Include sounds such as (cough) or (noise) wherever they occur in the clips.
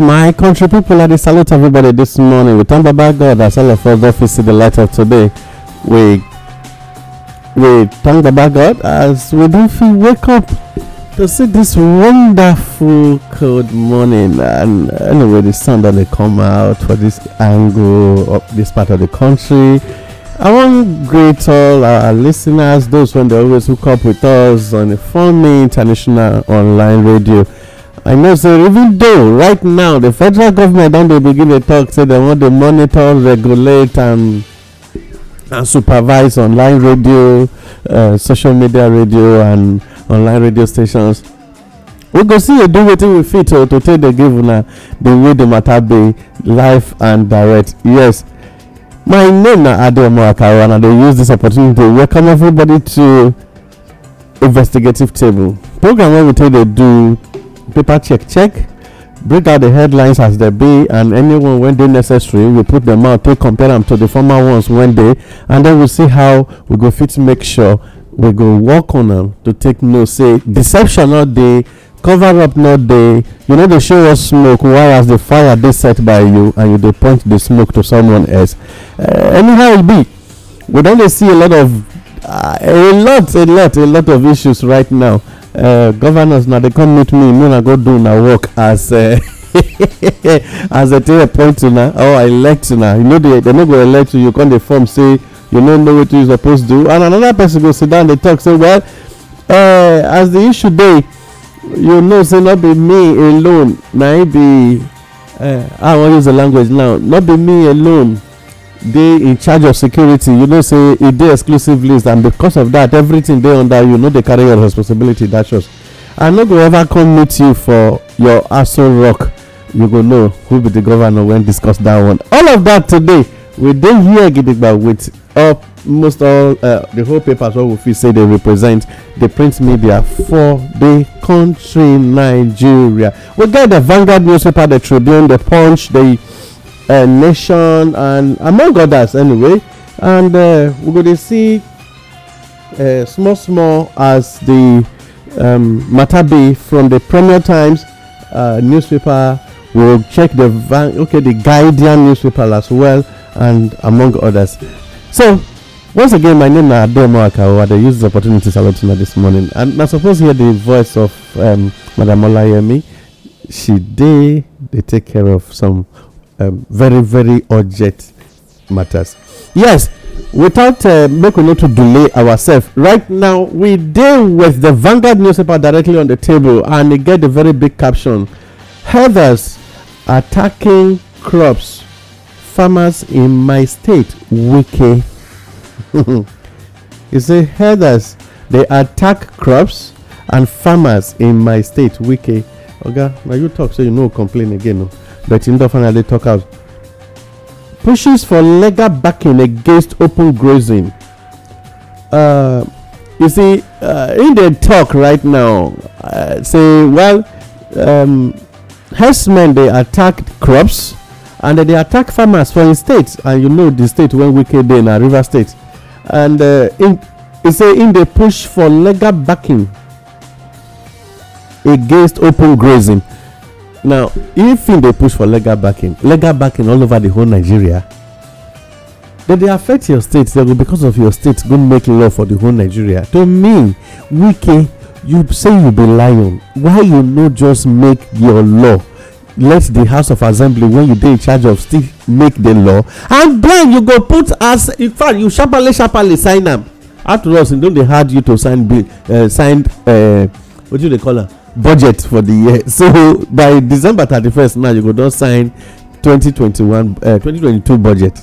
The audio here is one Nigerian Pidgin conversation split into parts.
my country people, I salute everybody this morning. We thank about God as all of us God we see the light of today. We we thank about God as we do feel wake up to see this wonderful cold morning. And anyway, the sun that they come out for this angle of this part of the country. I want to greet all our listeners, those when they always hook up with us on the Form International Online Radio. i know say even though right now the federal government don't dey begin dey talk, say they want to monitor regulate and and supervise online radio uh, social media radio and online radio stations we go see you do wetin we fit to take the given the way the matter be live and direct yes my name is adeomu akara and i use this opportunity to welcome everybody to investigative table program wey we take the do paper check check break out the headlines as they be and anyone when they necessary we put them out to compare them to the former ones when they and then we see how we go fit make sure we go work on them to take note say deception not dey cover up not dey you know dey show us smoke why as the fire they set by you and you dey point the smoke to someone else uh, anyhow it be we don't see a lot of uh, a lot a lot a lot of issues right now Uh, governors na dey come meet me me na go do na work as uh, (laughs) as dem take appoint una or oh, elect una you know dem no go elect you you come dey form say you no know wetin you suppose do and another person go sit down dey talk say well uh, as the issue dey you know say not be me alone na e be i wan use the language now not be me alone dey in charge of security you know say e dey exclusive list and because of that everything dey under you no dey carry your responsibility that shows i no go ever come meet you for your aso rock you go know who be the governor when discuss that one all of that today we dey here gidigba with up most all uh, the whole papers wey we fit say dey represent the print media for the country nigeria we get the vanguard newspaper the tribune the punch the uh, nation and among others anyway and uh, we're going to see uh, small small as the um, matabi from the premier times uh, newspaper will check the van- okay the guardian newspaper as well and among others so once again my name is adomo akawa i use this opportunity to salute you this morning and i suppose hear the voice of um, madam olayemi she did. they take care of some um, very, very urgent matters. Yes, without uh, making not to delay ourselves, right now we deal with the Vanguard newspaper directly on the table and we get a very big caption Heathers attacking crops, farmers in my state, wiki. (laughs) you see, heathers they attack crops and farmers in my state, wiki. Okay, now you talk so you no complain again. No? Bettindo finally talk out. Pushes for legal backing against open grazing. Uh, you see, uh, in the talk right now, uh, say, well, um, herdsmen they attack crops and they attack farmers for in states, and you know the state when we came in a river state, and uh, in you say in the push for legal backing against open grazing now if im dey push for legal backing legal backing all over the whole nigeria dem dey affect your state They go because of your state go make law for the whole nigeria to me wike you say you be lion why you no just make your law let the house of assembly wey you dey in charge of still make the law and then you go put as in fact you sharparly sharparly sign am after all e don dey hard you to sign bill uh, sign uh, what do you dey call am budget for the year so by december thirty-first now you go don sign twenty twenty-one eh, twenty twenty-two budget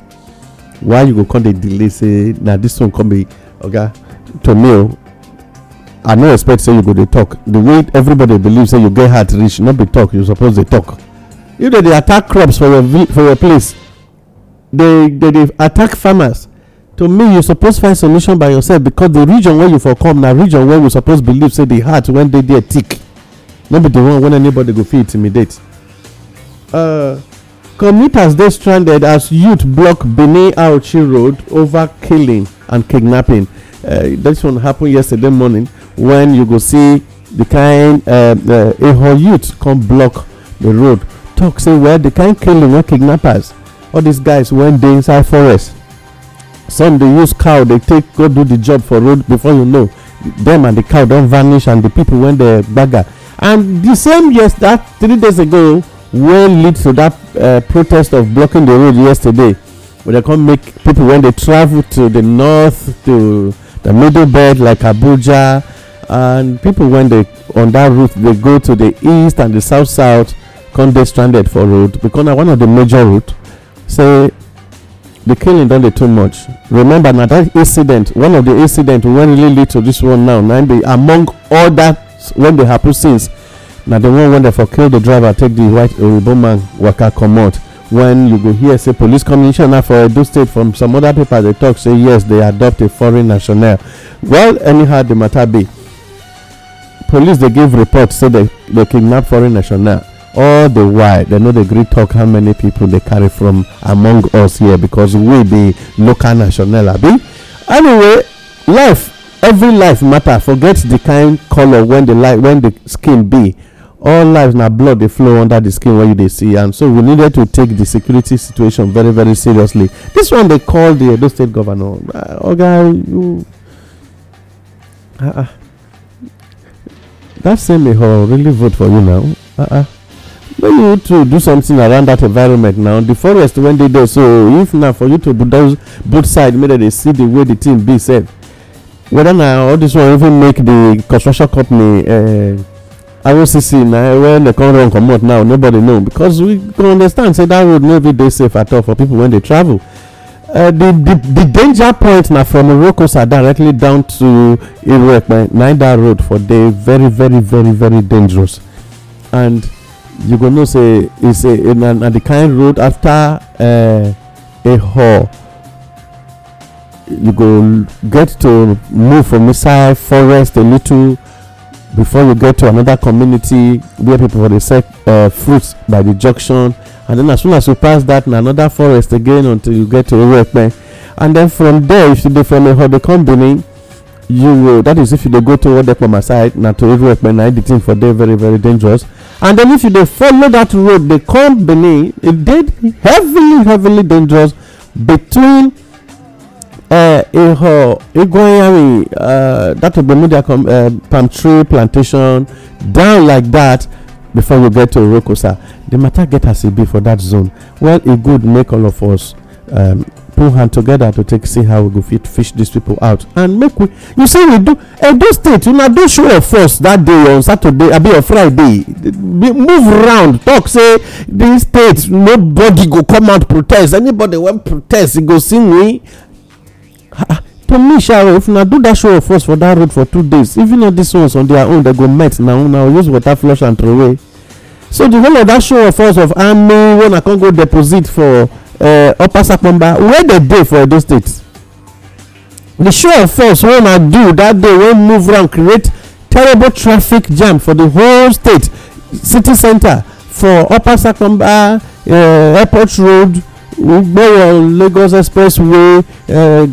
why you go come dey delay say na this one come be oga to me o oh, i no expect say you go dey talk the way everybody believe say you get heart reach no be talk you suppose dey talk if dem dey attack crops for your for your place dey dey attack farmers to me you suppose find solution by yourself because the region wey you for come na region wey you suppose believe say the heart wey dey there tick no be the one when anybody go fit intimidate uh, commuters dey stranded as youth block benin auchi road over killing and kidnapping uh, this one happen yesterday morning when you go see the kind uh, uh, youth come block the road talk say well the kind killing wey kidnappers all these guys wey dey inside forest some dey use cow dey take go do the job for road before you know them and the cow don vanish and the people wey dey gbaga and the same yes that three days ago wey lead to that uh, protest of blocking the road yesterday wey dey come make people when dey travel to the north to the middle belt like abuja and people when dey on that route dey go to the east and the south south come dey stranded for road because na one of the major route say the killing don dey too much remember na that incident one of the incident wey really lead to this one now na be among other When they happen since na di one wen dem for kill the driver take the white oyibo man waka comot When you go hear say police commissioner for edo state from some other papers dey talk say yes they adopt a foreign national well anyhow the matter be police dey give report say they they kidnap foreign national all the while they no dey gree talk how many people dey carry from among us here because we be local national abi anyway life every life matter forget the kind color when the light when the skin be all lives na blood dey flow under the skin wey you dey see and so we needed to take the security situation very very seriously this one dey call the edo state governor ah, oga you ah, ah. that same ehoro really vote for you now make you to do something around that environment now the forest wey dey there so if na for you to do both sides, make dem dey see the way the thing be sef whether na all this one even make the construction company rocc eh, na when dem come run comot now nobody know because we go understand say that road no even dey safe at all for people wey dey travel eh, the the the danger point na from orokosa directly down to iruepe na that road for dey very very very very dangerous and you go know say na di kind road afta eh, a hall you go get to move from inside forest a little before you get to another community where people for dey sell uh, fruits by the junction and then as soon as you pass that na another forest again until you get to ewepe and then from there if you dey from ehode company you go that is if you dey go toward ekpoma side na to ewepe na the thing for there very very dangerous and then if you dey follow that road dey come benin e dey heavily heavily dangerous between ịghọ eh, igwonyari eh, that ogbomudia eh, palm tree plantation down like that before we get to orokosa the matter get as e be for that zone well e good make all of us um, put hand together to take see how we go fit fish these people out and make we you see, we do edo state una do show of force that day on saturday abi on friday move round talk say dis state nobody go come out protest anybody wey protest e go see me to me sha if una do that show of force for that road for two days even if dis ones on their own they go met na una use water flush and throw away so the whole of that show of force of army wey una come go deposit for uh, upper sapomba where dey dey for edo state the show of force wey una do that, day wey move round create terrible traffic jam for the whole state city centre for upper sapomba uh, airport road gbọ́rọ̀ Lagos Expressway eh,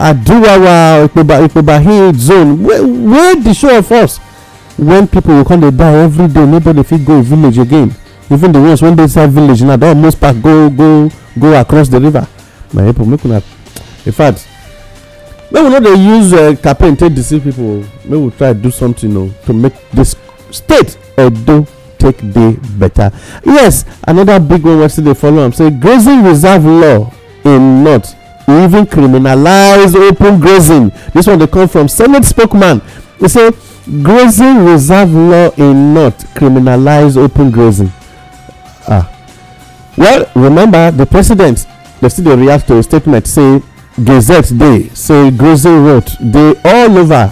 Aduwawa Ikpebahim zone where the show of us when people will come dey die every day nobody fit go village again even the ones wey dey inside village now don almost pack go go go across the river my people make una in fact make we no dey use eh, campaign take deceive people make we try do something o to make this state edo take day better yes another big one wey still dey follow am say grazing reserve law in north e even criminalize open grazing This one dey come from senate spokesman e say grazing reserve law in north criminalize open grazing ah well remember the president dey still dey react to a statement say gazette dey say grazing road dey all over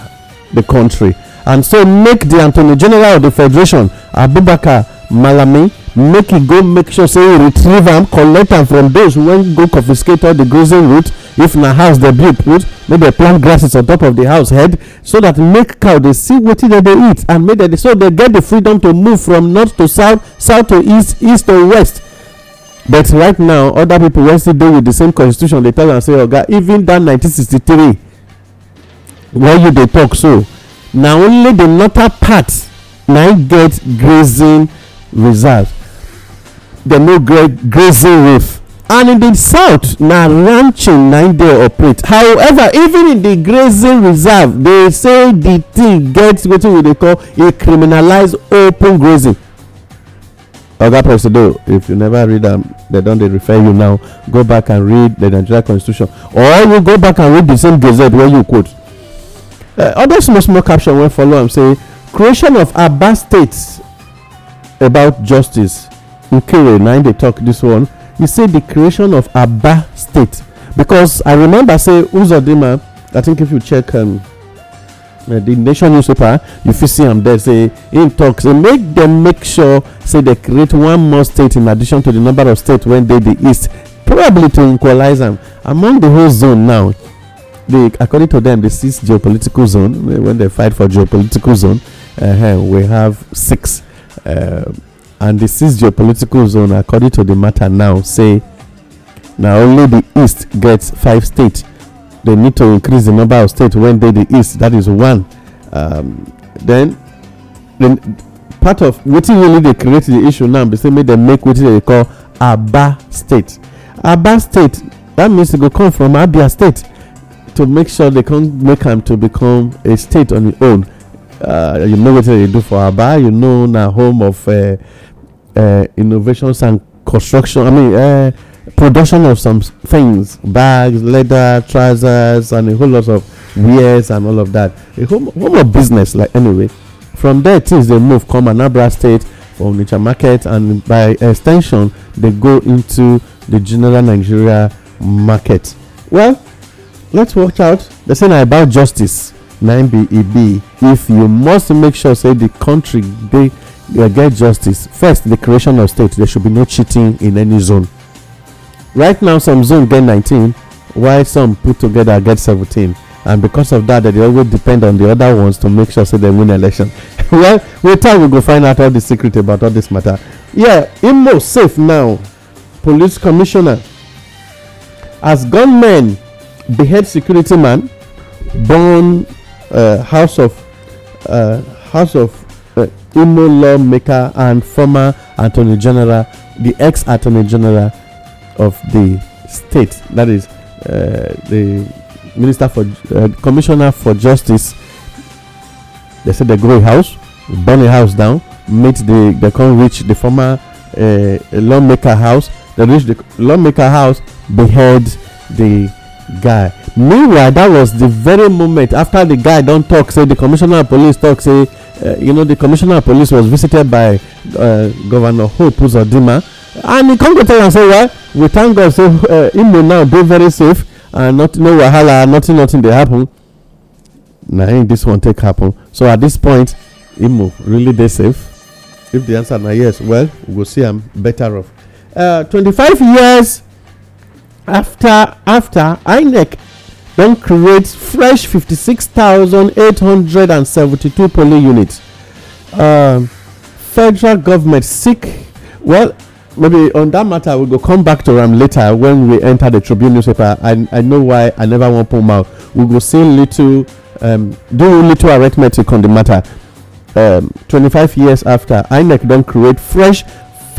the country and so make the attorney general of the federation abubakar malami make e go make sure say e retrieve am collect am from those wey go confiscate all the grazing route if na house dey build put make dem plant grasses on top of the house head so that make cow dey see wetin dem dey eat and make dem so dem get the freedom to move from north to south south to east east to west but right now other people wey still dey with the same constitution dey tell am say oga even that 1963 wey you dey tok so na only the northern part na im get grazing reserve dem no get grazing reef and in the south na ranching na im dey operate however even in the grazing reserve dey say the thing get wetin we dey call a criminalized open grazing oga presido if you never read am um, dem don dey refer you now go back and read the nigeria constitution or you go back and read the same gazette wey you quote Eh, other small small caption wey follow am say creation of aba state about justice nkere na im dey talk this one e say the creation of aba state because i remember say uzodinma i think if you check um, eh, the nation newspaper you fit see am there say im tok say make dem make sure say dem create one more state in addition to the number of states wey dey the east probably to equalize am among the whole zone now they according to them the six geopolitical zone eh, when they fight for geopolitical zone uh, we have six uh, and the six geopolitical zone according to the matter now say now only the east gets five states they need to increase the number of states when they the east that is one um, then then part of what really they create the issue now They say make dem make what they call aba state aba state that means it will come from abia state to make sure they can make them to become a state on his own. Uh, you know what they do for Aba, you know, now home of uh, uh, innovations and construction, I mean, uh, production of some things bags, leather, trousers, and a whole lot of wares and all of that. A home, home of business, like anyway. From there, things they move come Anambra State for Nature Market, and by extension, they go into the general Nigeria market. Well, let's watch out they say na about justice na im be e be if you must make sure say the country dey get justice first The creation of state there should be no cheating in any zone right now some zone get nineteen. while some put together get seventeen? and because of that they always depend on the other ones to make sure say they win election (laughs) well later we go find out all the secret about all this matter yeah imo safe now police commissioner as gunmen the security man, born uh, House of uh, House of uh, Imo lawmaker and former Attorney General, the ex Attorney General of the state, that is uh, the Minister for uh, Commissioner for Justice. They said they go a house, burn a house down, meet the they can reach the former uh, lawmaker house. They reach the lawmaker house, behead the guy meanwhile that was the very moment after the guy don talk. say the commissioner of police talk. say eh, you know the commissioner of police was visited by eh, governor hope Uzodima, and he come go tell am say well we thank god say eh, imo now dey very safe and not no wahala nothing nothing dey happen na im dis one take happen so at this point imo really dey safe if the answer na yes well we go see am better off 25 years after after INEC then creates fresh 56,872 polling units. Um, federal government seek well maybe on that matter we will go come back to them later when we enter the Tribune newspaper. I, I know why I never want pull out. We will go see little um, do little arithmetic on the matter. Um, 25 years after INEC don't create fresh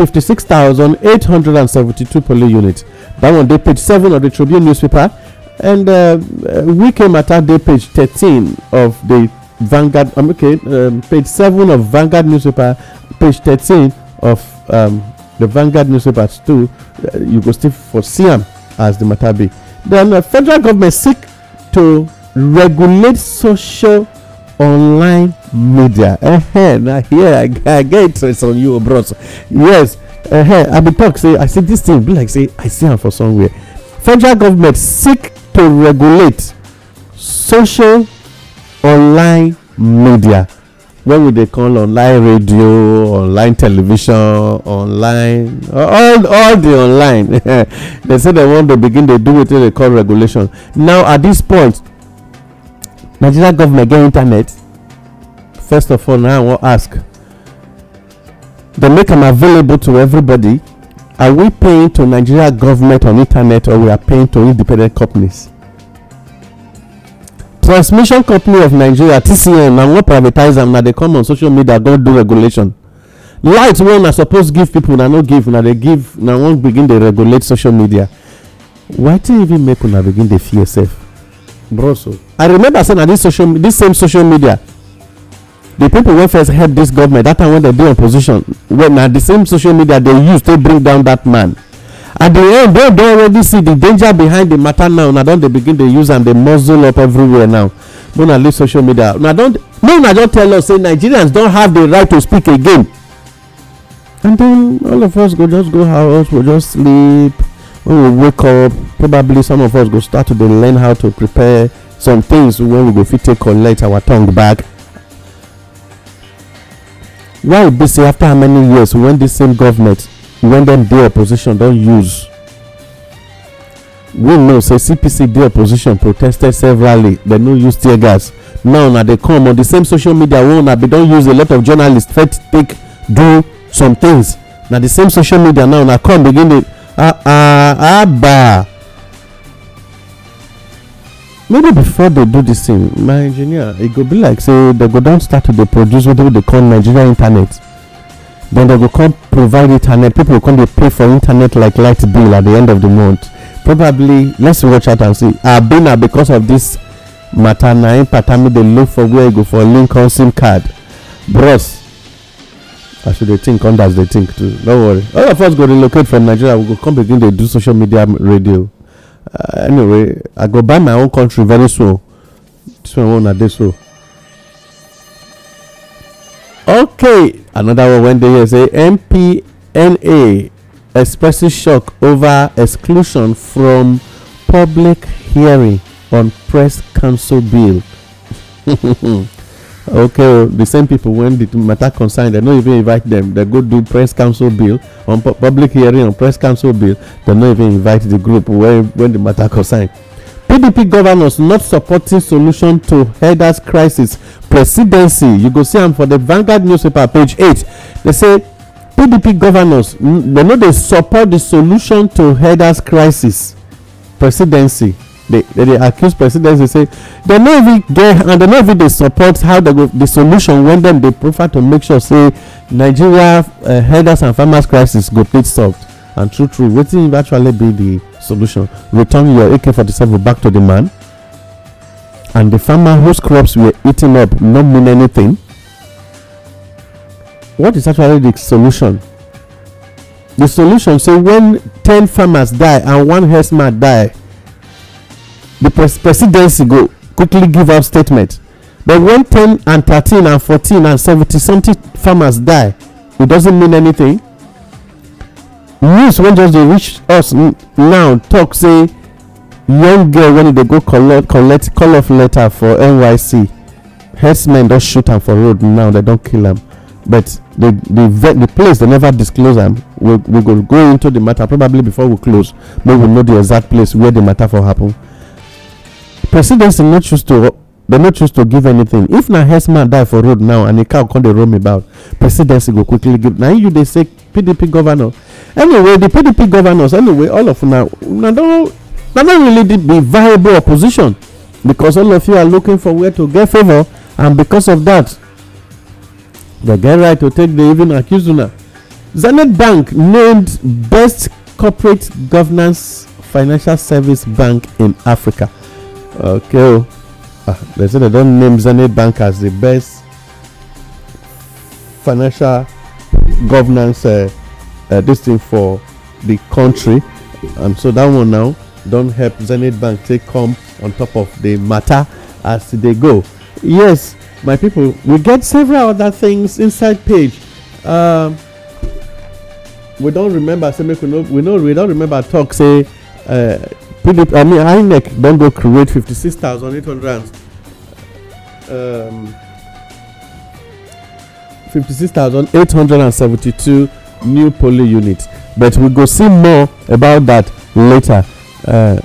56,872 poly units. That one, they page 7 of the Tribune newspaper. And uh, we came at that day, page 13 of the Vanguard, um, okay, um, page 7 of Vanguard newspaper, page 13 of um, the Vanguard newspaper, too. Uh, you go still for Siam as the matter be. Then, uh, federal government seek to regulate social online media -huh. Now here i get interest on you bros yes -huh. i be talk say i see this thing be like say i see her for somewhere federal government seek to regulate social online media wey would they call online radio online television online all all the online (laughs) They say they want to begin dey do wetin dem call regulation now at this point nigeria government get internet first of all now i wan ask dem make am available to everybody are we paying to nigeria government on internet or we are paying to independent companies transmission company of nigeria tcn na wan privatize am na dey come on social media go do regulation light wey una suppose give people na no give una dey give na wan begin dey regulate social media Why wetin even make una begin dey fear sef Broso. I remember saying that this social this same social media the people wey first help this government That time when dem dey opposition well na the same social media they use take bring down that man at the end dem don already see the danger behind the matter now una don dey begin dey use am dey muzzle up everywhere now make una leave social media una don no. una just tell us say nigerians don have the right to speak again and then all of us go just go house go just sleep when we wake up probably some of us go start to dey learn how to prepare some things wey we go fit take collect our tongue back why e be say after how many years when dis same government when dem dey opposition don use we know say cpc dey opposition protested severally dem no use tear gas now na dey come on the same social media wey una bin don use a lot of journalists fit take do some things na the same social media now na come begin dey Abba. Ah, ah, ah, Maybe before they do this thing, my engineer, it go be like say they go down start to the produce wetin they call Nigeria internet. Then they go come provide internet. People come dey pay for internet like light bill at the end of the month. Probably let's watch out and see. Abi na because of this matter na im patami dey look for where e go for a link on sim card. Bros, I should they think on as they think too. Don't worry. All of us go relocate from Nigeria. We go come begin they do social media radio. Uh, anyway, I go buy my own country very soon. This one won't this so. Okay, another one when they here say MPNA expresses shock over exclusion from public hearing on press council bill. (laughs) okay oh, the same people when the matter concern they no even invite them they go do press council bill on pu public hearing on press council bill they no even invite the group when when the matter concern pdp governors not supporting solution to herders crisis presidency you go see am for the vanguard newspaper page eight they say pdp governors they no dey support the solution to herders crisis presidency they they accuse They say dem no even get and dem no even dey support how go the solution when them they prefer to make sure say nigeria eh, herders and farmers crisis go fit solved and true true wetin actually be the solution return your ak-47 back to the man and the farmer whose crops were eaten up no mean anything what is actually the solution the solution say when ten farmers die and one herdsman die the presidency go quickly give out statement but when 10 and 13 and 14 and 70 something farmers die it doesn't mean anything news wey just dey reach us now talk say young girl when they e go collect call off letter for nyc herdsmen don shoot am for road now they don kill am but the the the place they never disclose am we we go go into the matter probably before we close make we know the exact place where the matter for happen presidency no choose to they no choose to give anything if na herdsman die for road now and the cow come dey roam about presidency go quickly give na you dey say pdp governor anyway the pdp governors anyway all of una una don really be viable opposition because all of you are looking for where to get favour and because of that they get right to take the even accuse una zenith bank named best corporate governance financial service bank in africa Okay. Oh. Ah, they say they don't name Zane Bank as the best financial governance uh, uh, this thing for the country. And so that one now don't help Zenit Bank take come on top of the matter as they go. Yes, my people, we get several other things inside page. Um, we don't remember say we know we we don't remember talk say uh, pdp i mean inec Don't go create 56800 um, 56872 new poly units but we go see more about that later uh,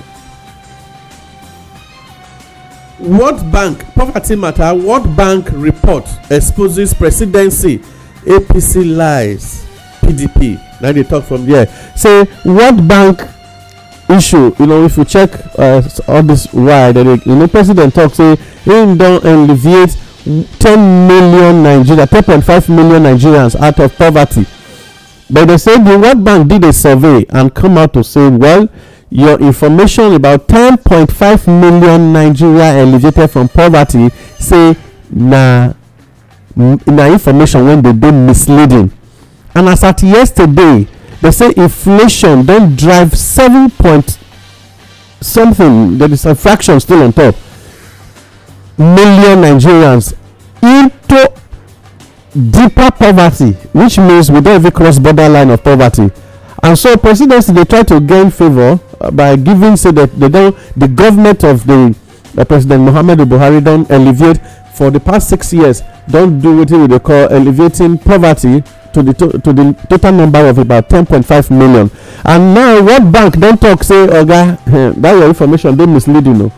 World Bank poverty matter World Bank report exposes presidency APC lies PDP Now they talk from there say World Bank issue you know if you check uh, all this wide you know president tok say im don alleviate 10 million nigerians 10.5 million nigerians out of poverty but dem say di world bank did a survey and come out to say well your information about 10.5 million nigeria elevated from poverty say na na information wey dey dey misleading and as at yesterday they say inflation don drive seven point something there is a fraction still on top million nigerians into deeper poverty which means we don't even cross borderline of poverty and so presidency dey try to gain favour uh, by giving say that they don the government of the uh, president muhammadu buhari don alleviate for the past six years don do wetin we dey call alleviating poverty to the to, to the total number of about ten point five million and now world bank don talk say oga eh, that your information dey misleading o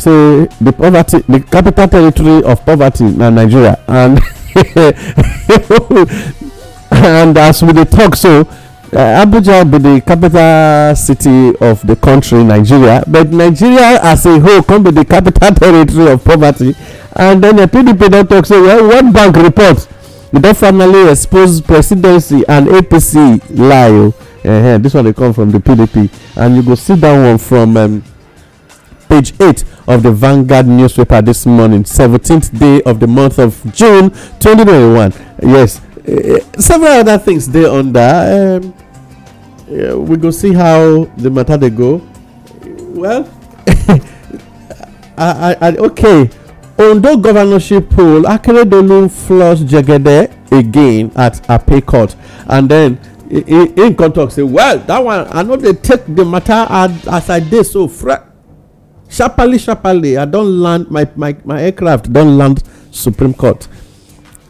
say the poverty the capital territory of poverty na nigeria and (laughs) and as we dey talk so uh, Abuja be the capital city of the country, Nigeria, but Nigeria as a whole come be the capital (laughs) territory of poverty. And then the PDP don't talk say, well, World Bank report we don finally expose presidency and apc lie Oh, uh-huh. this one dey come from the pdp and you go see that one from um, page eight of the Vanguard newspaper this morning, seventeenth day of the month of June twenty twenty-one. Yes, uh, several other things there on that. Um, yeah, we go see how the matter they go. Well, (laughs) I, I, I, okay. Ondo governorship poll, Akeredolu floors Jegede again at Ape Court. And then im come talk say well that one i no dey take the matter as i dey so sharply sharply i don land my my my aircraft don land supreme court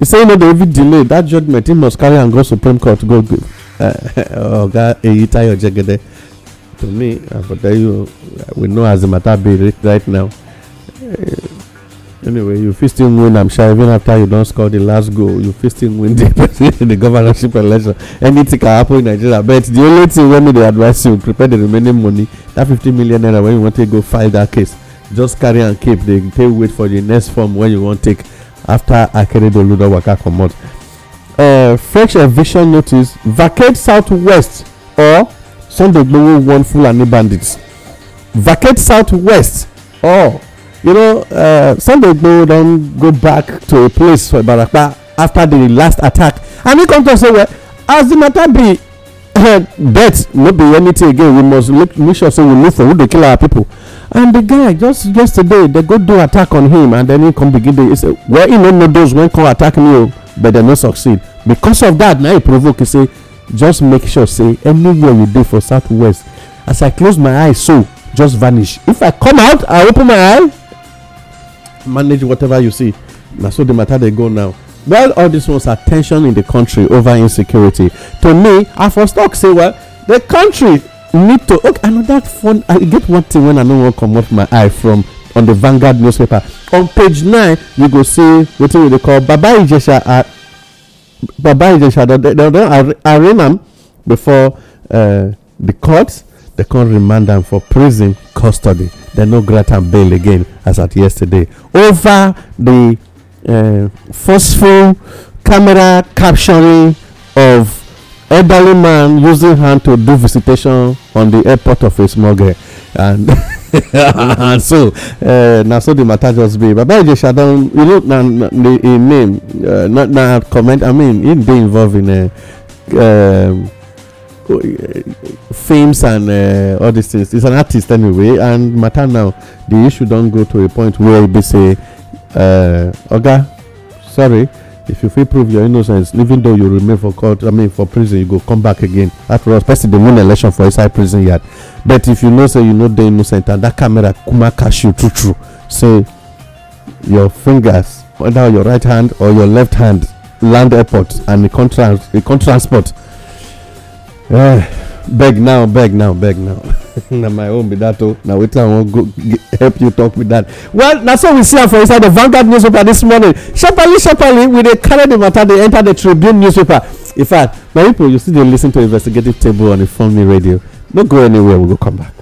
e say e no dey even delay that judgment im must carry am go supreme court go give eh, (laughs) oga eyitayo jegede to me i for tell you we know as the matter be right now eh, anyway you fit still win I'm sure. even after you don score the last goal you fit still win the (laughs) the governorship election anything can happen in nigeria but the only thing wey me dey advise you prepare the remaining money that fifty million naira wey you wan take go file that case just carry am keep dey take wait for the next form wey you wan take after akeredolu don waka comot uh, fresh eviction notice vacate southwest or sunday gbowo warn fulani bandits vacate southwest or you know uh, sunday igboho don go back to a place for ibarapa after the last attack and he come talk say well as the matter be death (coughs) no be anything again we must look make sure say we look for who dey kill our people and the guy just yesterday they go do attack on him and then he come begin dey say well he no know those wey come attack me o oh, but they no succeed because of that na he provoke he say just make sure say anywhere you dey for southwest as i close my eyes, so just vanish if i come out i open my eye manage whatever you see. Now, so the matter they go now. Well, all this was attention in the country over insecurity. To me, I first talk say, well, the country need to. Okay, I know that fun. I get one thing when I know one come off my eye from on the Vanguard newspaper. On page nine, you go see what they call Baba Ijesha. Uh, Baba Ijesha. They don't arraign him before uh, the courts. They can't remand him for prison custody dem no grant am bail again as at yesterday over di eh, forceful camera capturing of elderly man using hand to do visitation on the airport of a smuggler and (laughs) and so eh, now so the matter just be baba ijesha don you know na im name eh, na comment i mean im be involved in Fames and uh, all these things he's an artist anyway and matter now the issue don go to a point where e be say uh, oga sorry if you fit prove your innocence even though you remain for court i mean for prison you go come back again after all person dey win election for inside prison yard but if you know say you no dey innocent and that camera kuma catch you true true say your fingers whether your right hand or your left hand land airport and e con transport Uh, beg now beg now beg now (laughs) na my own be that. o oh. na wetin i wan go help you talk with that. well na so we see am for inside the vanguard newspaper this morning sharparly sharparly we dey carry the matter dey enter the tribune newspaper in fact my people, you still dey lis ten to investigative table on informe radio no go anywhere we go come back.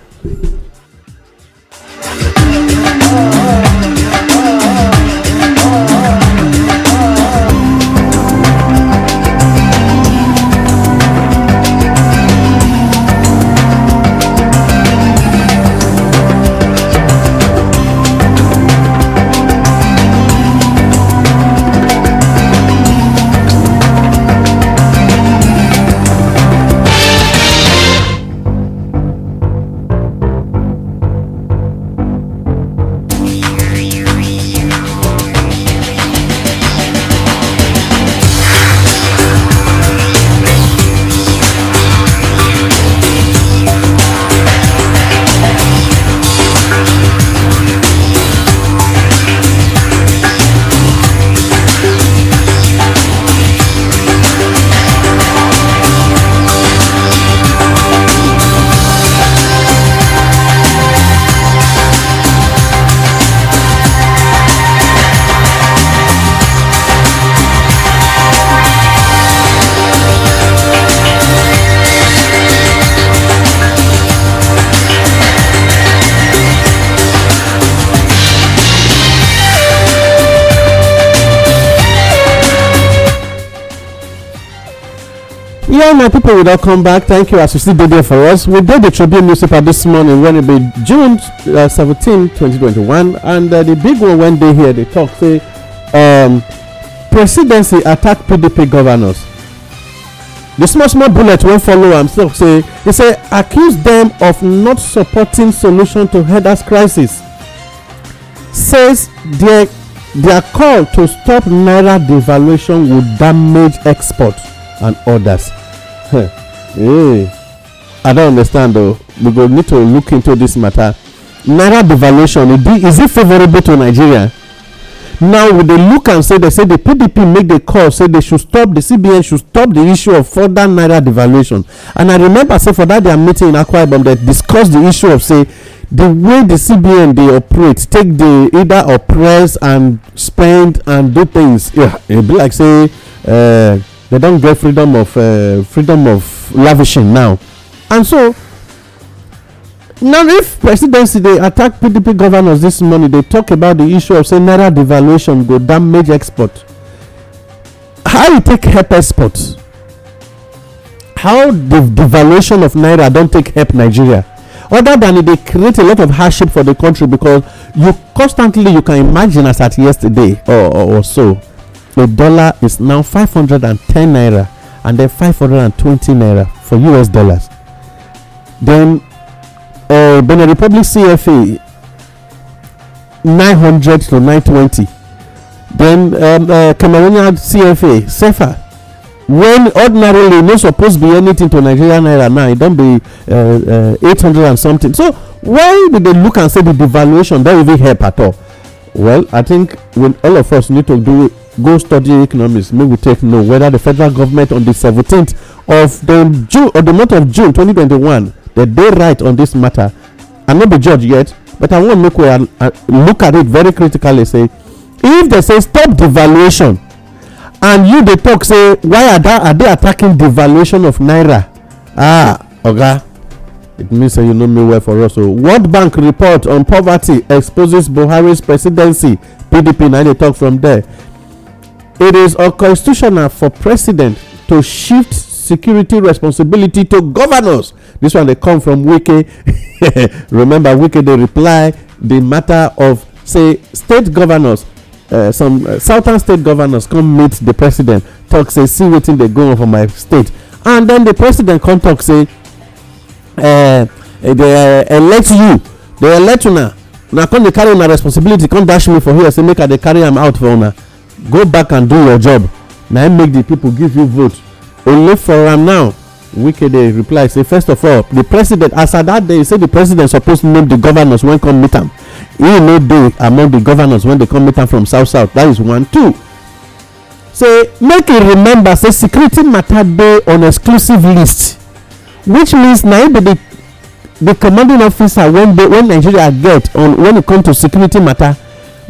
well my pipo we don come back thank you as you still dey there for us we dey the tribune newspaper this morning when it be june 17 uh, 2021 and uh, the big one when they here They talk say um, presidency attack pdp governors di small small bullet wey follow am tok say e say accuse dem of not supporting solution to herders crisis says dia call to stop naira devaluation would damage exports and others hey, (laughs) eh, I don't understand though. We will need to look into this matter. Naira devaluation, is it favorable to Nigeria? Now, with the look and say, they say the PDP make the call, say they should stop, the CBN should stop the issue of further Naira devaluation. And I remember, say, for that, they are meeting in Akwa Ibom, they discussed the issue of, say, the way the CBN they operate, take the either oppress and spend and do things. Yeah, it be like, say, uh, they don't get freedom of uh, freedom of lavishing now and so now if presidency dey attack pdp governors this morning dey talk about the issue of say naira devaluation go damage export how e take help export how the devaluation of naira don take help nigeria other than e dey create a lot of hardship for the country because you constantly you can imagine as at yesterday or or, or so the dollar is now 510 naira and then 520 naira for US dollars. Then uh, Benin Republic CFA 900 to 920. Then um, uh, Cameroonian CFA CFA. When ordinarily no supposed be anything to Nigerian naira now, it don't be uh, uh, 800 and something. So why did they look and say the devaluation don't even help at all? Well, I think when all of us need to do go study economics make we take know whether the federal government on the seventeenth of the june or the month of june twenty 2021 they dey right on this matter i no be judge yet but i wan make we uh, look at it very critically say if they say stop devaluation and you dey talk say why are, are they attacking devaluation of naira ah oga okay. it means say you know me well for us o world bank report on poverty exposes buhari's presidency pdp na dey talk from there it is unconstitutional for president to shift security responsibility to governors this one dey come from wike (laughs) remember wike dey reply the matter of say state governors uh, some uh, southern state governors come meet the president tok say see wetin dey go on for my state and then the president come talk say uh, eh, they uh, elect you they elect una na come dey carry una responsibility come dash me for here say make i dey carry am out for una go back and do your job na im make the people give you vote only for am now wikide reply say first of all the president as at dat day say the president suppose name the governors wen come meet am He no dey among the governors wen dey come meet am from south south That is one two say make e remember say security matter dey on exclusive list which means na im be di commanding officer wey nigeria get on when e come to security matter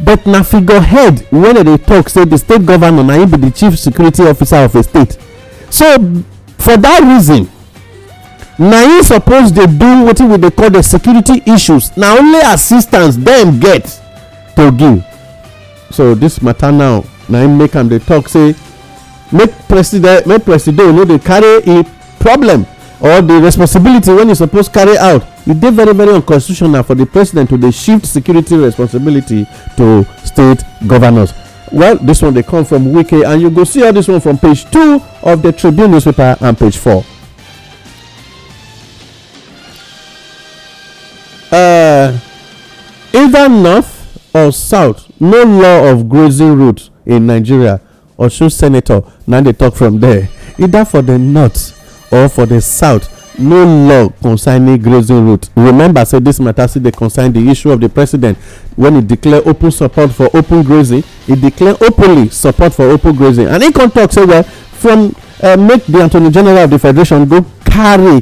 but na figurehead wen dem dey tok say di state governor na im be di chief security officer of a state so for dat reason na im suppose dey do wetin we dey call di security issues na only assistance dem get to give so dis matter now na im make am dey talk, say make president make presido no dey carry e problem or the responsibility when you suppose carry out e dey very very unconstitutional for the president to dey shift security responsibility to state governors well this one dey come from wike and you go see all this one from page two of the tribune newspaper and page four. Uh, either north or south no law of grazing route in nigeria osun senator na dey talk from there either for the north or for the south no law concerning grazing route remember say dis matter still dey concern the issue of the president when he declare open support for open grazing He declare openly support for open grazing and e come tok say well from uh, make the attorney general of the federation go carry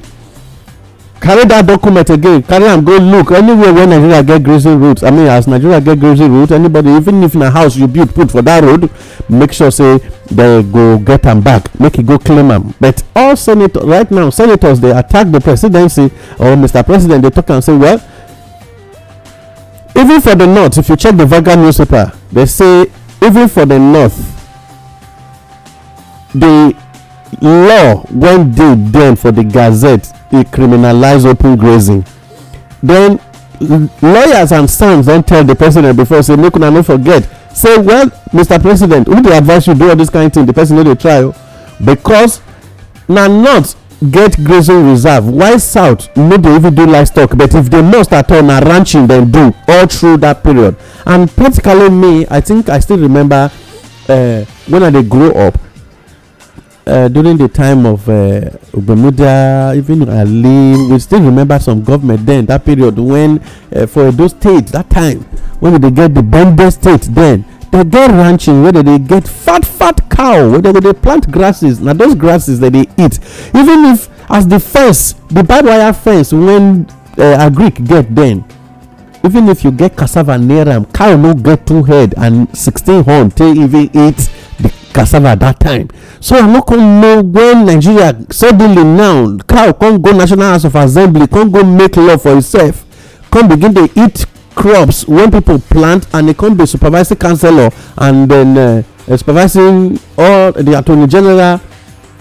carry that document again carry am go look anywhere wey nigeria get grazing route i mean as nigeria get grazing route anybody even if na house you build put for that road make sure say they go get am back make e go claim am but all senators right now senators dey attack the presidency or mr president dey talk am say well even for the north if you check the vulgar newspaper they say even for the north di law wen dey den for di gazette e criminalize open grazing den lawyers and sons don tell di president before say make una no forget say well mr president who dey advise you do all dis kind thing di person no dey try o oh. because na north get grazing reserve while south no dey even do livestock but if dem must at all na ranching dem do all through dat period and practically me i think i still remember uh, when i dey grow up uh, during the time of uh, even Ali, we still remember some government then, that period when, uh, for those State, that time, when they get the Bembe State then, they get ranching whether they get fat, fat cow, whether they plant grasses. Now, those grasses that they eat, even if as the fence, the barbed wire fence, when uh, a Greek get then, even if you get cassava near them, cow no get two head and 16 horn, take even eat cassava that time so i no come know when nigeria suddenly now cow come go national house of assembly come go make law for itself come begin dey eat crops when people plant and e come be supervising councillor and then uh, supervising all the attorney general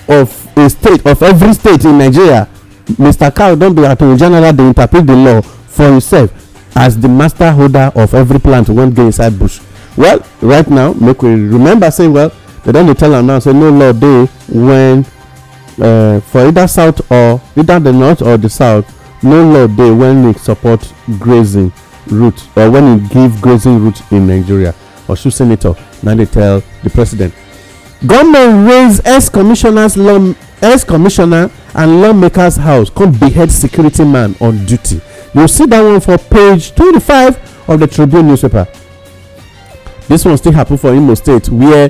of a state of every state in nigeria mr cow don be attorney general dey interpret the law for himself as the master holder of every plant wey dey inside bush well right now make we remember say well but then they tell her now say no law dey when uh, for either south or either the north or the south no law dey when e support grazing route or when e give grazing route in nigeria osun senator na dey tell di president government raise ex-commissioners law ex-commissioner and lawmakers house come behead security man on duty you see that one for page twenty five of the tribune newspaper This one still happen for imo state where.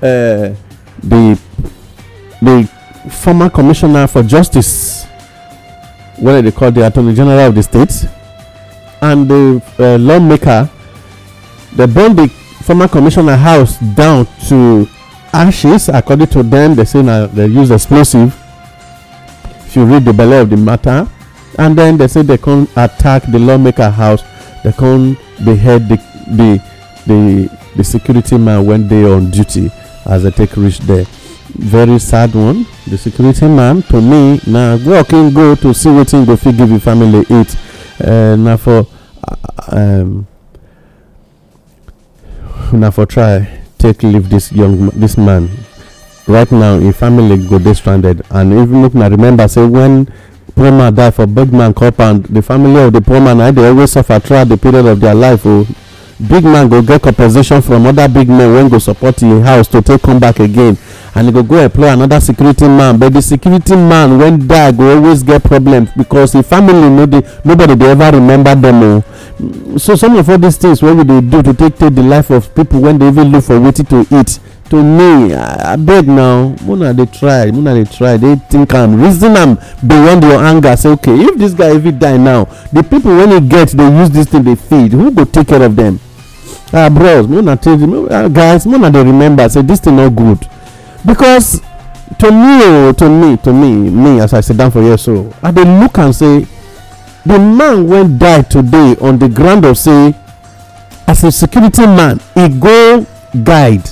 Eh, the the former commissioner for justice what they call the attorney general of the state and the uh, lawmaker they burn the former commissioner house down to ashes according to them they say now they use explosive if you read the belly of the matter and then they say they can attack the lawmaker house they can behead the the the, the security man when they on duty as I take reach there. Very sad one. The security man to me now work him go to see what thing go fit give him family eat uh, eh, na for eh, um, na for try take leave this young this man. Right now him family go dey stranded and even if na remember say when poor man die for big man compound the family of the poor man I they always suffer throughout the period of their life Oh, big man go get compensation from other big men wey go support im house to take come back again and e go go employ another security man but the security man wey die go always get problem because im family nobody dey ever remember them. o oh. so some of all these things wey we dey do to take take the life of people wey dey even look for wetin to eat to me abeg now muna dey try muna dey try dey think am reason am beyond your anger say okay if this guy even die now the people wey he get dey use this thing dey feed who go take care of them? ah bros me una tell you ah guys me una dey remember say this thing no good because to me o oh, to me to me me as i sit down for here oh, so i dey look am say the man wey die today on the ground of say as a security man e go guide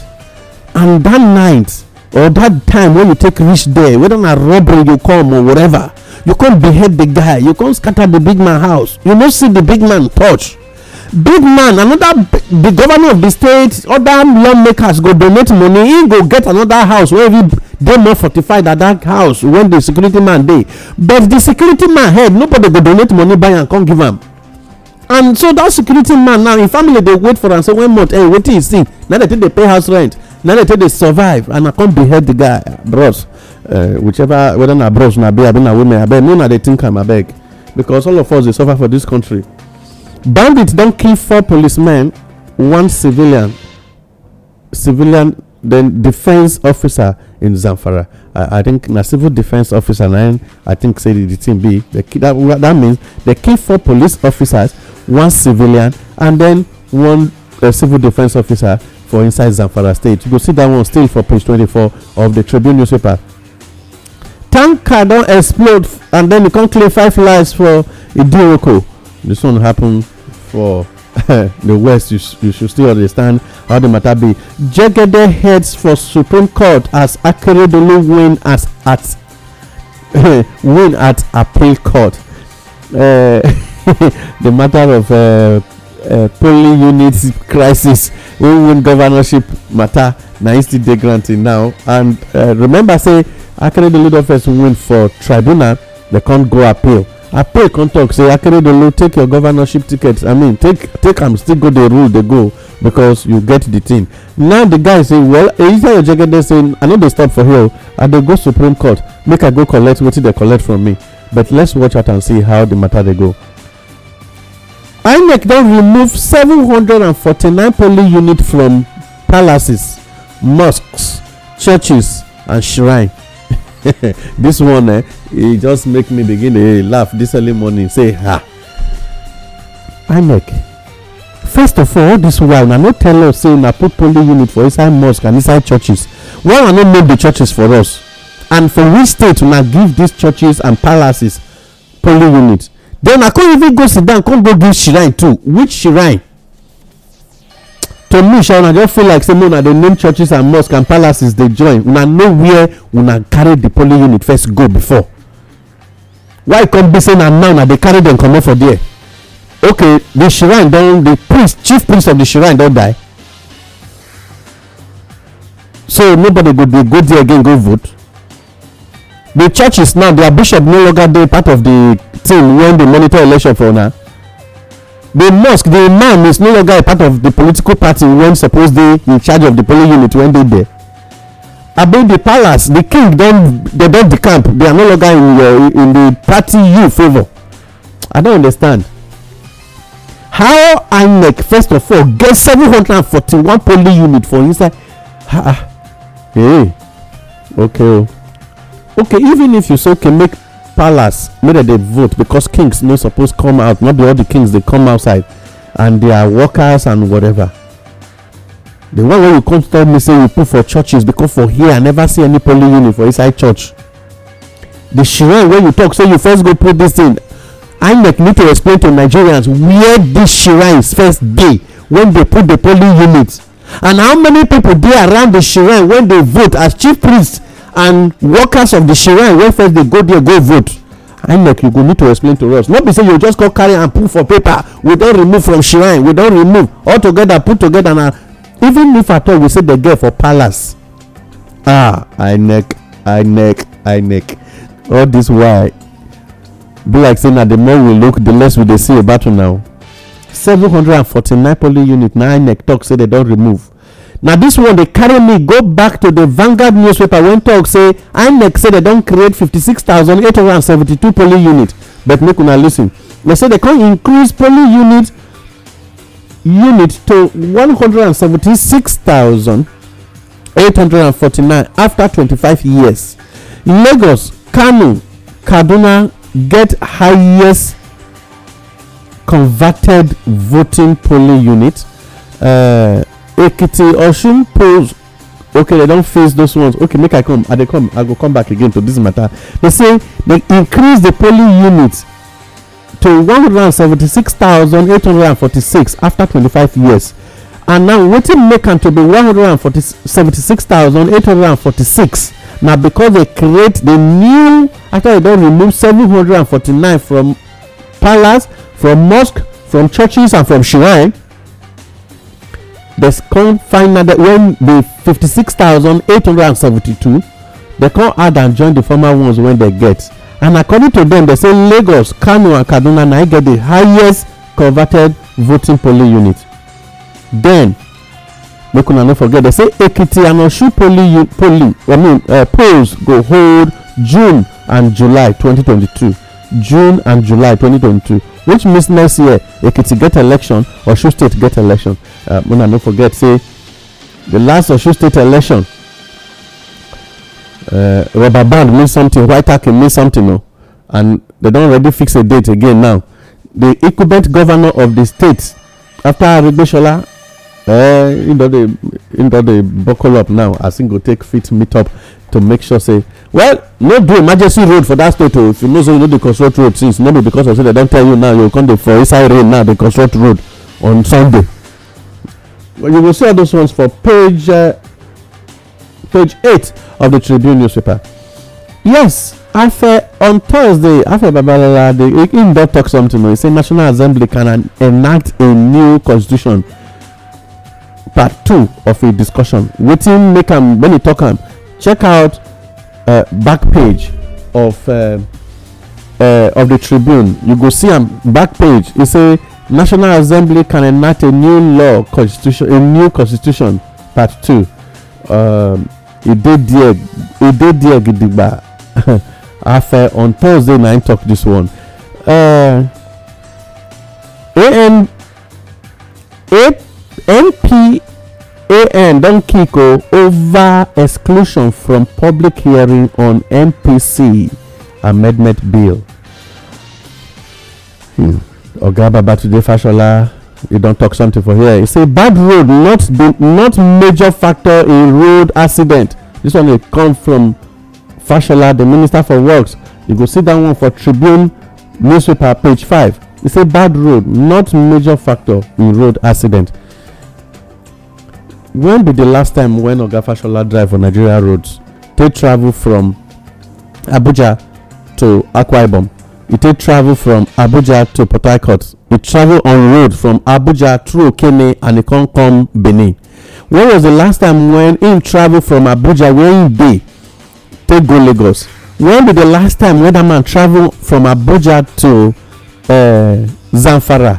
and that night or that time when you take reach there whether na robbery you come or whatever you come behead the guy you come scatter the big man house you no see the big man touch big man another the governor of the state other lawmakers go donate money he go get another house wey even dey more fortified than that house when the security man dey but the security man head nobody go donate money buy am come give am and so that security man now him family dey wait for am say when month hey wetin you see na dey take dey pay house rent na dey take dey survive and i come behead the guy bros uh, whichever whether na bros na be abi na women abeg no na dey think am abeg because all of us dey suffer for this country bandits don kill four policemen one civilian civilian then defence officer in zamfara i think na civil defence officer na i think say the thing be that means they kill four police officers one civilian and then one uh, civil defence officer for inside zamfara state you go see that one still for page twenty-four of the tribune newspaper tanker don explode and then e come clear five lives for idioko This one happen for (laughs) the west you, you should still understand how the matter be jegede heads for supreme court as akeredolu win as at (laughs) win at appeal court uh, (laughs) the matter of uh, uh, polling unit crisis wey win governorship matter na im still dey granting now and uh, remember say akeredolu don first win for tribunal dem come go appeal apay come tok say akeredolu take your governorship ticket i mean take take am still go dey rule dey go because you get di tin now the guy say well eyisa ojegede say i no dey stop for here oh. i dey go supreme court make i go collect wetin dey collect from me but let's watch out and see how the matter dey go inec don remove 749 polling units from palaces mosques churches and shrine (laughs) this one eh e just make me begin dey laugh this early morning say ha inec first of all all this while na no tell us say na put polling unit for inside mosque and inside churches why una no make the churches for us and for which state una give these churches and palaces polling units? then i come even go sit down come go give shrine too which shrine to me sha una just feel like say no na dey name churches and mosques and palaces dey join una know where una carry the polling unit first go before why come be say na now na dey carry dem comot for there okay the shrine don the priest chief priest of the shrine don die so nobody go dey go there again go vote the churches now their bishop no longer dey part of the team wey dey monitor election for una the mosque the imam is no longer a part of the political party when suppose dey in charge of the polling unit when dey there abeg the palace the king don dey don decamp they are no longer in your in the party you favour i don understand how inec first of all get seven hundred and forty-one polling unit for inside ah hey okay oh. okay even if you so can make palace make dem dey vote because kings no suppose come out not be all the kings dey come outside and their workers and whatever the one wey you come tell me say you put for churches because for here i never see any polling unit for inside church the shrine wey you talk say you first go put this thing inec need to explain to nigerians where this shrines first dey when they put the polling unit and how many people dey around the shrine when they vote as chief priest and workers of the shrine wey first dey go there go vote inec you go need to explain to us no be say you just go carry am put for paper we don remove from shrine we don remove all together put together na even if at all we say dey get for palace ah inec inec inec all this why be like say na the more we look the less we dey see about una o seven hundred and forty-nine polling unit na inec talk say dem don remove Now this one they carry me go back to the Vanguard newspaper when talk say INEC say they don create fifty-six thousand eight hundred and seventy-two polling units but make una lis ten they say they come increase polling unit unit to one hundred and seventy-six thousand eight hundred and forty-nine after twenty-five years Lagos Kano Kaduna get highest converted voting polling unit. Uh, ekiti osun polls okay they don't face those ones okay make i come i dey come i go come back again to this matter They say they increase the polling unit to 176,846 after 25 years and now wetin make them to be one Now because they create the new after they don't remove 749 from palace from mosque from churches and from shrine They come find out that when the 56,872 they come add and join the former ones when they get and according to them they say lagos kano and kaduna na get the highest converted voting polling unit then make una no forget they say ekiti and osun polling polling i mean uh, polls go hold june and july 2022 june and july 2022 which means next year ekiti get election osun state get election uh, una no forget say the last osun state election uh, rubber band mean something white hacking mean something o and they don already fix a date again now the incumbent governor of the state after arigbesola eh uh, him don dey buckle up now as him go take fit meet up to make sure say well no do emergency road for that state o oh, if you know say you no dey construct road since no be because of say they don tell you now you come dey for inside rain now dey construct road on sunday Well, you go see all those ones for page uh, page eight of the tribune newspaper yes afe on thursday afe babalala im don tok something o oh, e say national assembly can enact a new constitution part two of a discussion wetin make am when e tok am check out uh, back page of uh, uh, of the Tribune. You go see on back page. You say National Assembly can enact a new law constitution, a new constitution, part two. Um, it did there, it did there gidigba. After (laughs) on Thursday night talk this one. Uh, a n AN, AP, AN don kick over exclusion from public hearing on NPC amendment bill. Hmm. Oga Babatunde Fashola you don talk something for here. He say bad road not be not major factor in road accident. This one dey come from Fashola, the minister for works. You go see that one for Tribune newspaper page five. He say bad road not major factor in road accident when be the last time when oga fashola drive for nigeria roads take travel from abuja to akwa ibom e take travel from abuja to port harcourt e travel on road from abuja through okene and e come come benin when was the last time when im travel from abuja where im dey take go lagos when be the last time when dat man travel from abuja to uh, zamfara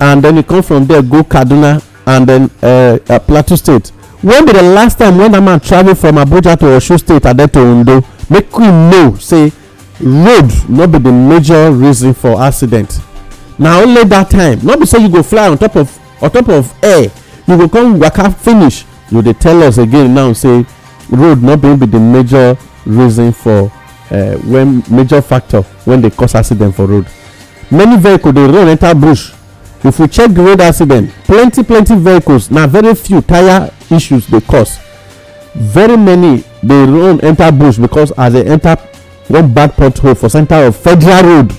and then e come from there go kaduna and then uh, plateau state when be the last time when that man travel from abuja to osun state and then to ondo make we know say road no be the major reason for accident na only that time no be say you go fly on top of on top of air you go come waka finish you dey tell us again now say road no be be the major reason for uh, when major factor when dey cause accident for road many vehicle dey run enter bush if we check the road accident plenty plenty vehicles na very few tyre issues dey cause very many dey run enter bush because as they enter one bad pothole for center of federal road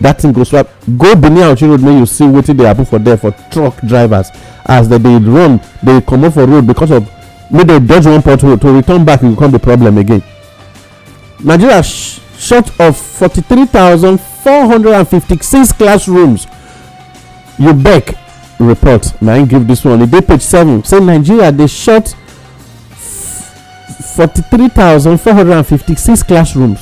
that thing go swap go benin auchi road make you see wetin dey happen for there for truck drivers as they dey run dey comot for road because of make dem dodge one pothole to return back e go come be problem again nigeria short of forty-three thousand four hundred and fifty-six classrooms ubec report na im give this one e dey page seven say nigeria dey shut forty-three thousand, four hundred and fifty-six classrooms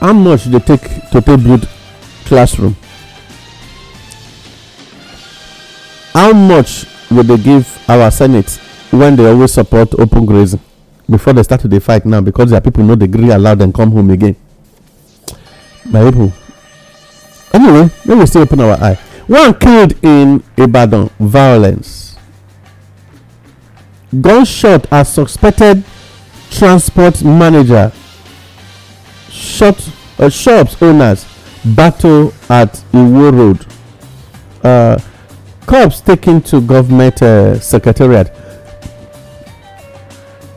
how much dey take to take build classroom how much we dey give our senate when they always support open grazing before they start to dey fight now becos dia people no dey gree allow dem come home again my people. Anyway, let me still open our eye. One killed in Ibadan, violence. Gunshot as suspected transport manager, shot, uh, shops owners battle at Iwo Road. Uh, cops taken to government uh, secretariat.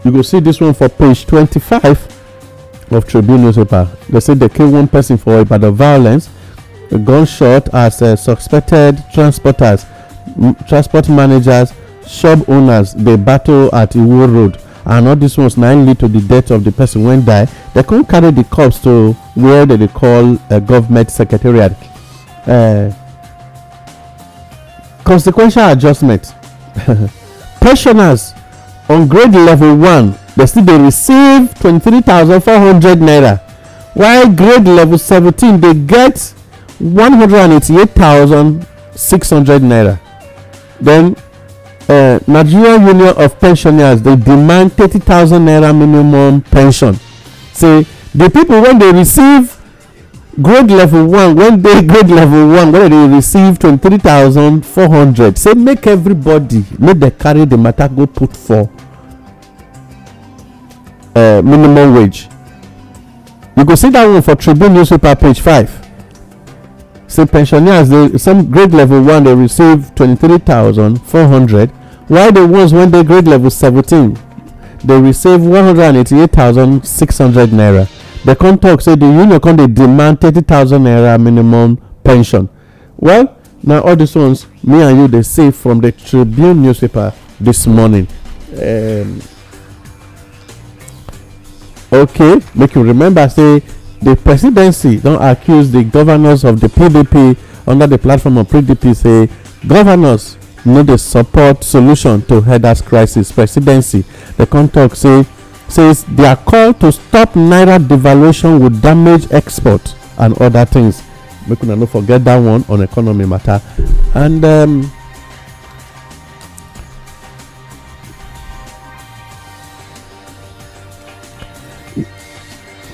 You go see this one for page 25 of Tribune newspaper. They say they killed one person for about the violence gunshot as uh, suspected transporters, transport managers, shop owners. They battle at Iwo Road. And all this was now lead to the death of the person when die. They couldn't carry the corpse to where they call a uh, government secretariat. Uh, consequential adjustment. (laughs) Pensioners on grade level one, they still they receive 23,400 naira. While grade level 17, they get 188,600 naira. Then, uh, Nigerian Union of Pensioners they demand 30,000 naira minimum pension. Say the people when they receive grade level one when they (laughs) grade level one when they receive twenty-three thousand four hundred say make everybody make they carry the matter go put for uh, minimum wage you can see that one for tribune newspaper page five say pensioners they some grade level one they receive 23400 while the ones when they grade level 17 they receive 188600 naira the contact say the union can they demand 30000 naira minimum pension well now all these ones me and you they see from the tribune newspaper this morning um, okay make you remember say the presidency don accuse the governors of the pdp under the platform of pdp say governors no dey support solution to herders crisis presidency the come tok say says dia call to stop naira devaluation would damage export and other things. make una no forget that one on economy matter and um,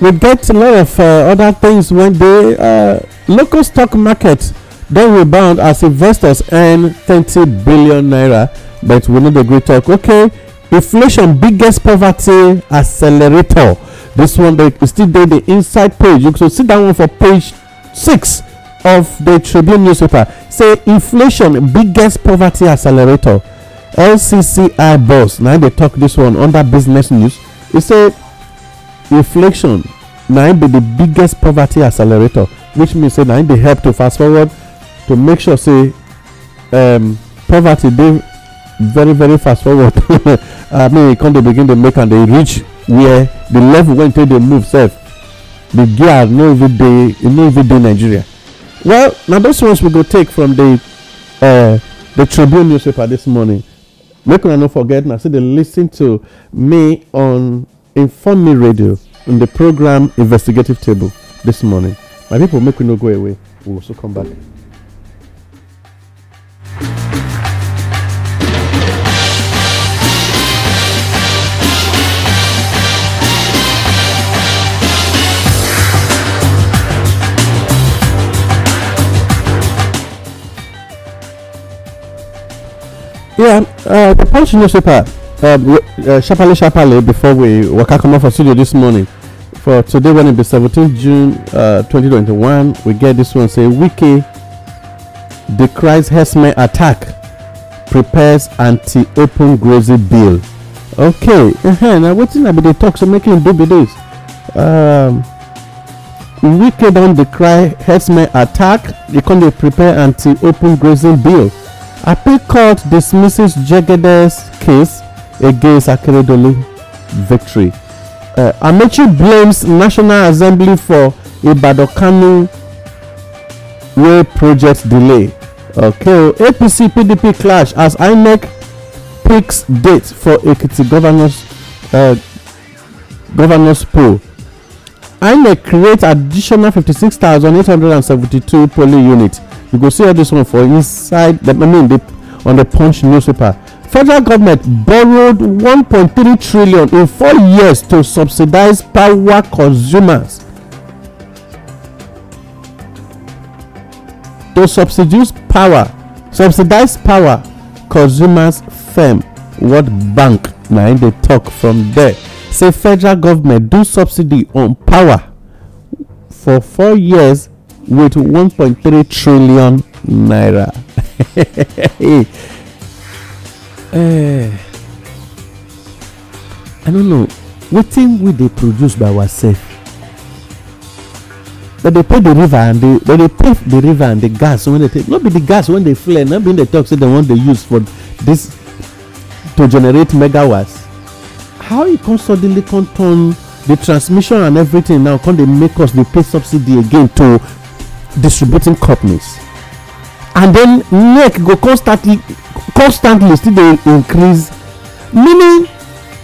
we get a lot of uh, other things when the uh, local stock market don rebound as investors earn thirty billion naira but we no dey gree talk okay inflation biggest poverty accelerator this one dey still dey the inside page you go see that one for page six of the tribune newspaper say inflation biggest poverty accelerator lcci boss na dey talk this one under business news e say inflation na im be the biggest poverty accelerator which means, say na im dey help to fast forward to make sure say um, poverty dey very very fast forward (laughs) i mean e come dey begin dey make am dey reach where the level wey e take dey move sef the gear no even dey e no even dey nigeria well na those ones we go take from the uh, the tribune newspaper this morning make una no forget na still dey lis ten to me on Inform Me Radio in the program Investigative Table this morning. My people, make we no go away. We'll also come back. Yeah, uh, the Punch newspaper um, uh, sharply, uh, sharply, before we walk out come off our studio this morning, for today, when it be 17 June uh, 2021, we get this one say, Wiki decries Hesme attack, prepares anti open grazing bill. Okay, uh-huh. now what's in the talk? So making do be this. Um, Wiki don't decry Hesme attack, they can prepare anti open grazing bill. Appeal court dismisses Jagede's case against Akeredolu victory. Uh, Amechi blames National Assembly for Ibadokanu way project delay. Okay, oh, APC PDP clash as INEC picks date for Ekiti governors uh, governors poll. INEC create additional 56,872 polling units. You go see all this one for inside the I mean the, on the punch newspaper federal government borrowed 1.3 trillion in four years to subsidize power consumers to subsidize power subsidize power consumers firm world bank na im dey talk from there say federal government do subsidy on power for four years with 1.3 trillion naira (laughs) uh, i don't know wetin we dey produce by ourselves dem dey pay the river and the dem dey pay the river and the gas wey dey take no be the gas wey dey flare no be dey talk say dem wan dey use for this to generate megawatts how e come suddenly come turn the transmission and everything now come dey make us dey pay subsidy again to distributing companies and then neck go constantly constantly still dey increase meaning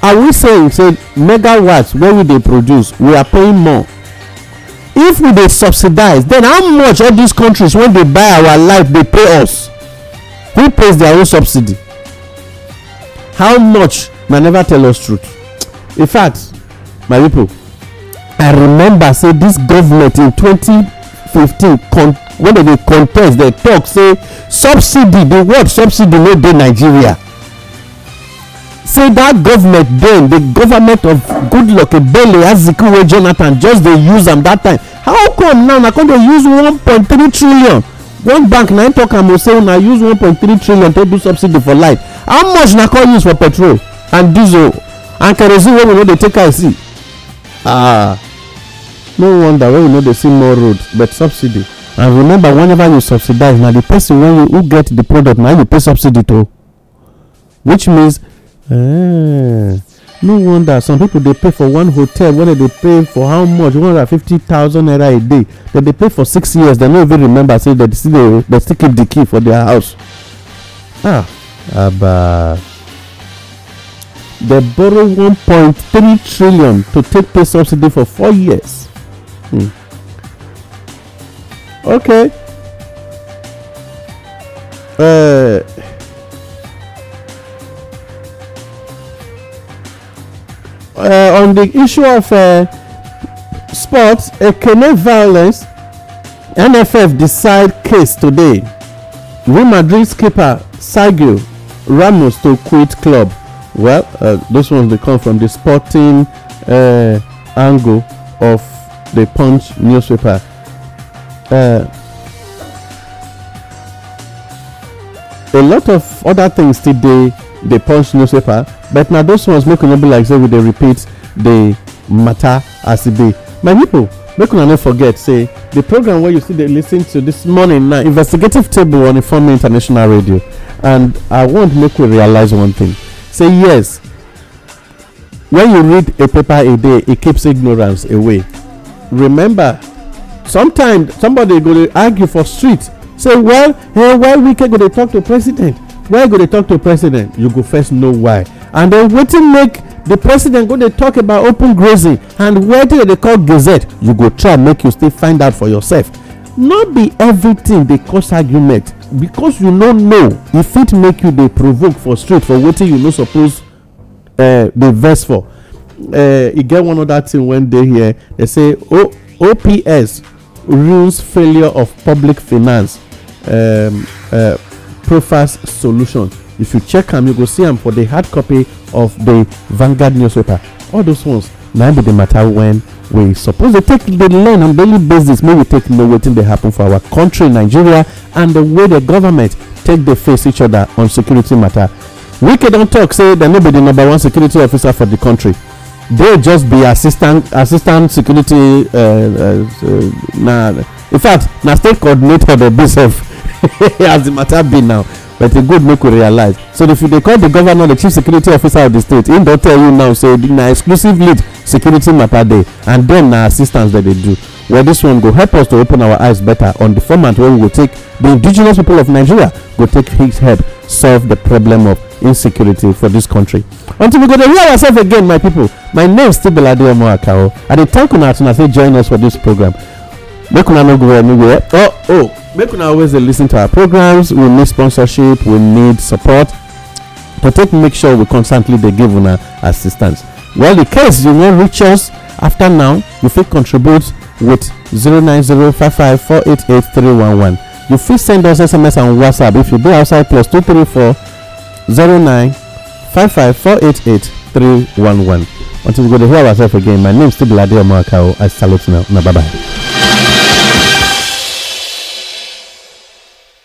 are we saying say megawatts wey we dey produce we are paying more if we dey subsidize then how much all these countries wey dey buy our life dey pay us who pays their own subsidy how much na never tell us truth in fact my people i remember say this government in 2015 when they dey contest they talk say subsidy the word subsidy no dey nigeria say that government then the government of goodluck ebele azikiwe jonathan just dey use am that time how come now na come dey use one point three trillion one bank na im talk am o say una use one point three trillion to do subsidy for light how much na come use for petrol and diesel and kerosene wey we no dey take eye see ah no wonder wey we no dey see more road but subsidy and remember whenever you subsidize na the person wey who get the product na you pay subsidy to which means eh, no wonder some people dey pay for one hotel wey dem dey pay for how much one hundred and fifty thousand naira a day dem dey pay for six years dem no even remember say dem still dey dem still keep the key for their house ah aba dem borrow one point three trillion to take pay subsidy for four years. Hmm. Okay. Uh, uh, on the issue of uh, sports, Ekene violence, NFF decide case today. Real Madrid's keeper Sergio Ramos to quit club. Well, uh, those ones they come from the sporting uh, angle of the Punch newspaper uh, a lot of other things still they they punch newspaper but now those ones make no be like say we dey repeat the matter as e be my people make una no forget say the program where you see they listen to this morning now investigative table on informe international radio and i want make we realize one thing say yes when you read a paper a day it keeps ignorance away remember sometimes somebody go dey argue for street say well hey why wike go dey talk to president why go dey talk to president you go first know why and then wetin make the president go dey talk about open grazing and wetin dem dey call gazette you go try make you still find out for yourself not be everything dey cause argument because you no know e fit make you dey provoke for street for wetin you no suppose eh, dey vex for eh, e get one other thing wey dey here dey say O ops rules failure of public finance um, uh, profiles solution if you check am you go see am for the hard copy of the vanguard newspaper all those ones na be the matter when we suppose dey take dey learn on daily basis make we take know wetin dey happen for our country nigeria and the way the government take dey face each other on security matter wike don talk say dem no be the number one security officer for the country They just be assistant assistant security uh, uh, uh na in fact na state coordinator dey be sef (laughs) as the matter be now but e good make we realize so if you dey call the governor the chief security officer of the state him don tell you now say na exclusive lead security matter dey and then na assistance dem dey do well this one go help us to open our eyes better on the format wey we go take the indigenous people of nigeria go take his help solve the problem of insecurity for this country until we go dey hear ourselves again my people my name still be ladeomo akao i dey thank una as una say join us for this program make una no go anywhere oh oh make una always dey listen to our programs we need sponsorship we need support to take make sure we constantly dey give una assistance well di case you wan reach us After now, you fit contribute with 09055488311. You fit send us SMS and WhatsApp if you dey outside plus 234 0955488311. Until we go to hear ourselves again, my name is Tibulade Omoakao. I salute now. Now, bye bye.